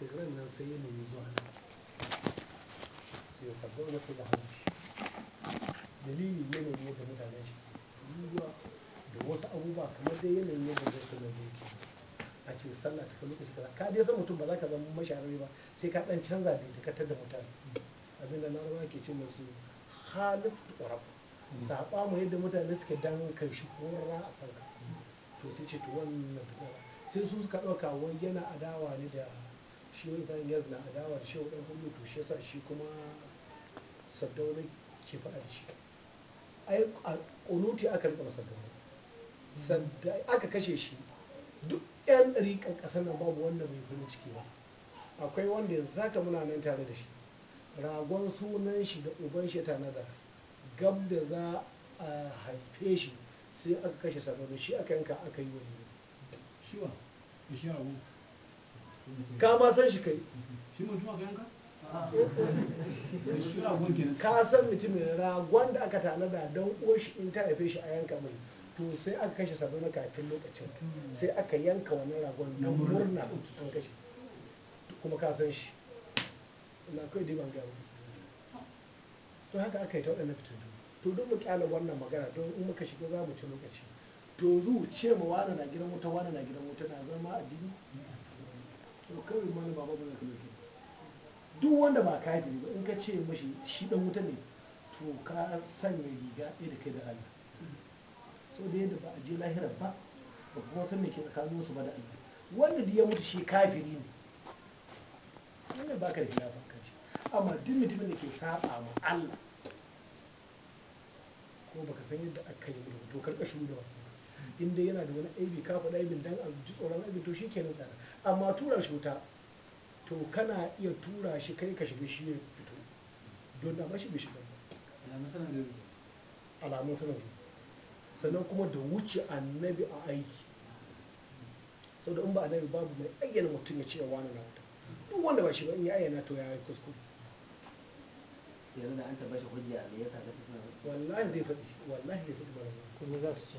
sai ran nan sai ya nemi zuwa sai ya sabo na sai da hannun dalili yanayin yadda mutanen shi ruwa da wasu abubuwa kamar dai yanayin yadda zai kuma da yake a ce sallah cikin lokaci kaza ka dai san mutum ba za ka zama masharari ba sai ka dan canza daidaikatar da mutane abinda na ruwa ke ce musu halif ƙwarab Saɓa mu yadda mutane suke dan kai shi kora a sarka to sai ce to wannan sai su suka ɗauka wani yana adawa ne da shi wani bayan na adawa da shehu ɗan hudu to shi yasa shi kuma Saddaunai ke faɗa da shi ai a ƙunuti aka riƙa gaba sanda aka kashe shi duk 'yan ɗariƙan ƙasar nan babu wanda bai farin ciki ba akwai wanda yanzu zaka muna nan tare da shi ragon sunan shi da uban shi ta nada gab da za a haife shi sai aka kashe sardauna shi aka yanka aka yi wani shi wa shi ka ma san shi kai shi mutum a kayan ka san mutumin ragon da aka tanada don oshi in ta haife shi a yanka mai to sai aka kashe na kafin lokacin sai aka yanka wani ragon don murna an kashe kuma ka san shi na kai dai ban gaba to haka aka yi ta waɗannan fitattu to don mu kyala wannan magana don in muka shiga za mu ci lokaci to zu ce ma wani na gidan wuta wani na gidan wuta na zama addini kawai malam baba duk wanda ba kafiri ba in ka ce mashi shi dan wuta ne to ka sanya riga ɗaya da kai da Allah so da yadda ba a je lahira ba ba kuma san me ke tsakanin su ba da Allah wanda da ya mutu shi kafiri ne wannan ba ka riga ba kaji amma duk mutumin da ke saba ma Allah ko baka san yadda aka yi to karkashin da wake in dai yana da wani aibi ka faɗa aibin dan ji tsoron aibin to shikenan tsara amma tura shi wuta to kana iya tura shi kai ka shiga shi ya fito don da shi bai shiga ba alamun da sannan kuma da wuce annabi a aiki sau da in ba annabi babu mai ayyana mutum ya ce wa na wuta duk wanda ba shi ba in ya ayyana to ya yi kuskure yanzu da an tabbashi hujja me yasa ka suna wallahi zai faɗi wallahi zai faɗi kuma za su ce